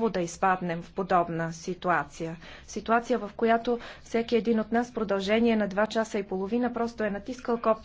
хубаво да изпаднем в подобна ситуация. Ситуация, в която всеки един от нас в продължение на два часа и половина просто е натискал копче